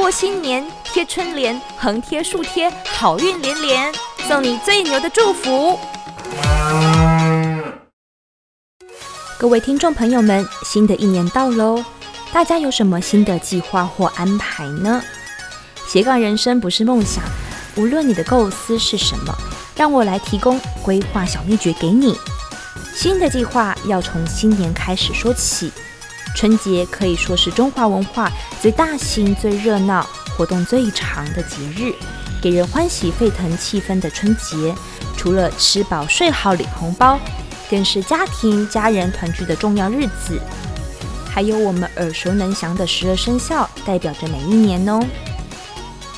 過新年，貼春聯，橫貼豎貼，好運連連，送你最牛的祝福。各位聽眾朋友們，新的一年到嘍，大家有什麼新的計劃或安排呢？斜槓人生不是夢想，無論你的構思是什麼，讓我來提供規劃小秘訣給你。新的計劃要從新年開始說起。春節可以說是中華文化最大型、最熱鬧、活動最長的節日，給人歡喜沸騰氣氛的春節，除了吃飽睡好領紅包，更是家庭家人團聚的重要日子。還有我們耳熟能詳的十二生肖，代表着每一年哦。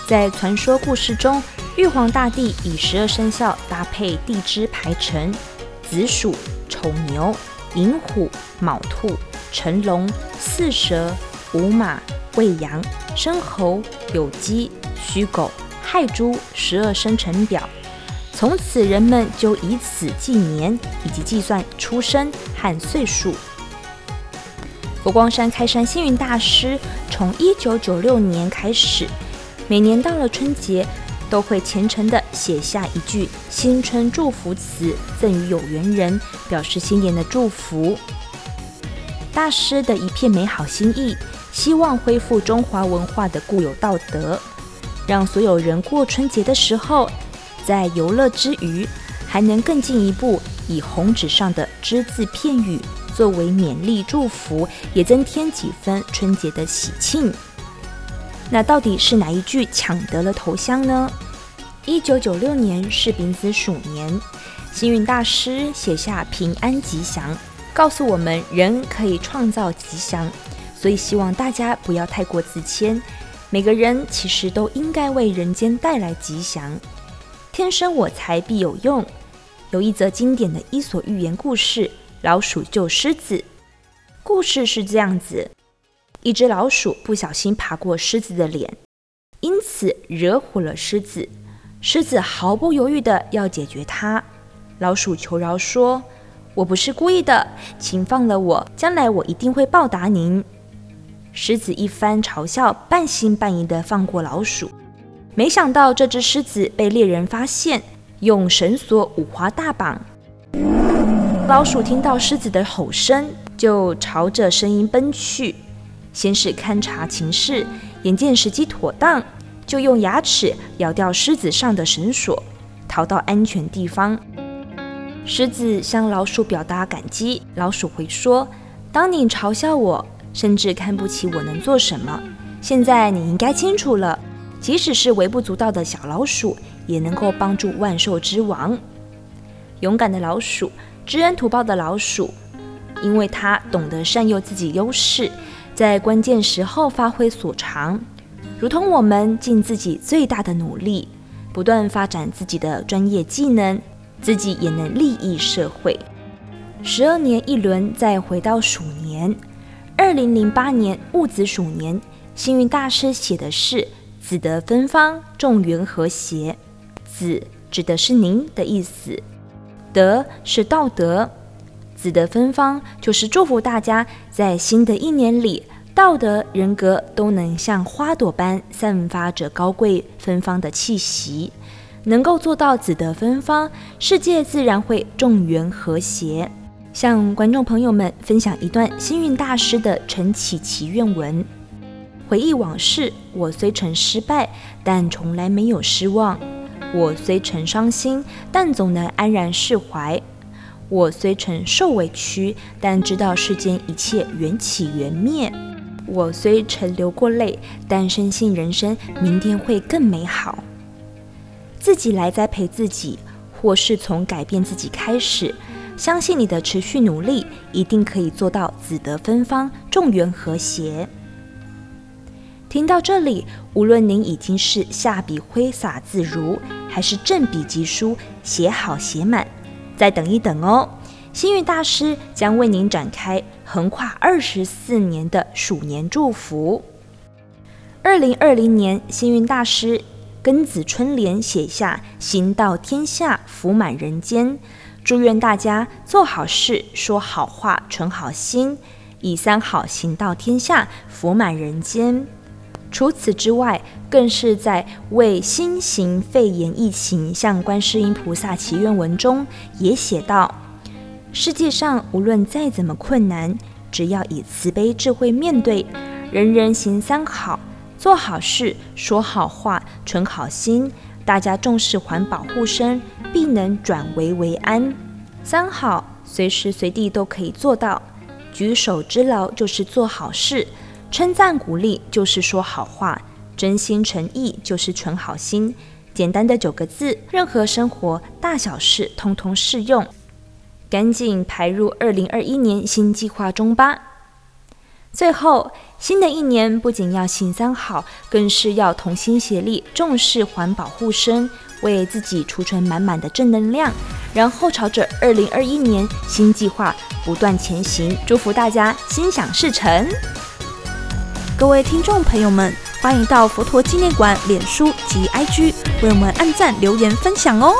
在傳說故事中，玉皇大帝以十二生肖搭配地支排成：子鼠、丑牛、寅虎、卯兔。辰龍、巳蛇、午馬、未羊、申猴、酉雞、戌狗、亥豬，十二生肖表。從此，人們就以此紀年，以及計算出生和歲數。佛光山開山星雲大師從一九九六年開始，每年到了春節，都會虔誠地寫下一句新春祝福詞，贈與有緣人，表示新年的祝福。大師的一片美好心意，希望恢復中華文化的固有道德，讓所有人過春節的時候，在遊樂之餘，還能更進一步以紅紙上的隻字片語作為勉勵祝福，也增添幾分春節的喜慶。那到底是哪一句搶得了頭香呢？一九九六年是丙子鼠年，星雲大師寫下“平安吉祥”。告訴我們，人可以創造吉祥，所以希望大家不要太過自謙。每個人其實都應該為人間帶來吉祥。天生我材必有用。有一則經典的伊索寓言故事《老鼠救獅子》，故事是這樣子：一只老鼠不小心爬過獅子的臉，因此惹火了獅子。獅子毫不猶豫地要解決它。老鼠求饒說。我不是故意的，請放了我，將來我一定會報答您。獅子一番嘲笑，半信半疑地放過老鼠。沒想到這隻獅子被獵人發現，用繩索五花大綁。老鼠聽到獅子的吼聲，就朝着聲音奔去。先是勘察情勢，眼見時機妥當，就用牙齒咬掉獅子上的繩索，逃到安全地方。獅子向老鼠表達感激，老鼠會說：“當你嘲笑我，甚至看不起我能做什麼，現在你應該清楚了。即使是微不足道的小老鼠，也能夠幫助萬獸之王。勇敢的老鼠，知恩圖報的老鼠，因為他懂得善用自己優勢，在關鍵時候發揮所長，如同我們盡自己最大的努力，不斷發展自己的專業技能。”自己也能利益社會。十二年一輪，再回到鼠年，二零零八年戊子鼠年，星雲大師寫的是“子德芬芳，眾緣和諧”子。子指的是您的意思，德是道德。子德芬芳，就是祝福大家在新的一年裡，道德人格都能像花朵般散發着高貴芬芳的氣息。能夠做到自得芬芳，世界自然會眾緣和諧。向觀眾朋友們分享一段星雲大師的晨起祈願文：回憶往事，我雖曾失敗，但從來沒有失望；我雖曾傷心，但總能安然釋懷；我雖曾受委屈，但知道世間一切緣起緣滅；我雖曾流過淚，但深信人生明天會更美好。自己來栽培自己，或是從改變自己開始，相信你的持續努力，一定可以做到子得芬芳，眾緣和諧。聽到這裡，無論您已經是下筆揮灑自如，還是正筆疾書寫好寫滿，再等一等哦，星雲大師將為您展開橫跨二十四年的鼠年祝福。二零二零年，星雲大師。庚子春聯寫下“行道天下福滿人間”，祝願大家做好事、說好話、存好心，以三好行道天下福滿人間。除此之外，更是在為新型肺炎疫情向觀世音菩薩祈願文中也寫道：世界上無論再怎麼困難，只要以慈悲智慧面對，人人行三好。做好事，說好話，存好心，大家重視環保護身，必能轉危為安。三好隨時隨地都可以做到，舉手之勞就是做好事，稱讚鼓勵就是說好話，真心誠意就是存好心。簡單的九個字，任何生活大小事通通適用，趕緊排入二零二一年新計劃中吧。最後，新的一年不僅要行三好，更是要同心協力，重視環保護生，為自己儲存滿滿的正能量，然後朝着二零二一年新計劃不斷前行。祝福大家心想事成！各位聽眾朋友們，歡迎到佛陀紀念館臉書及 IG 為我們按讚、留言、分享哦！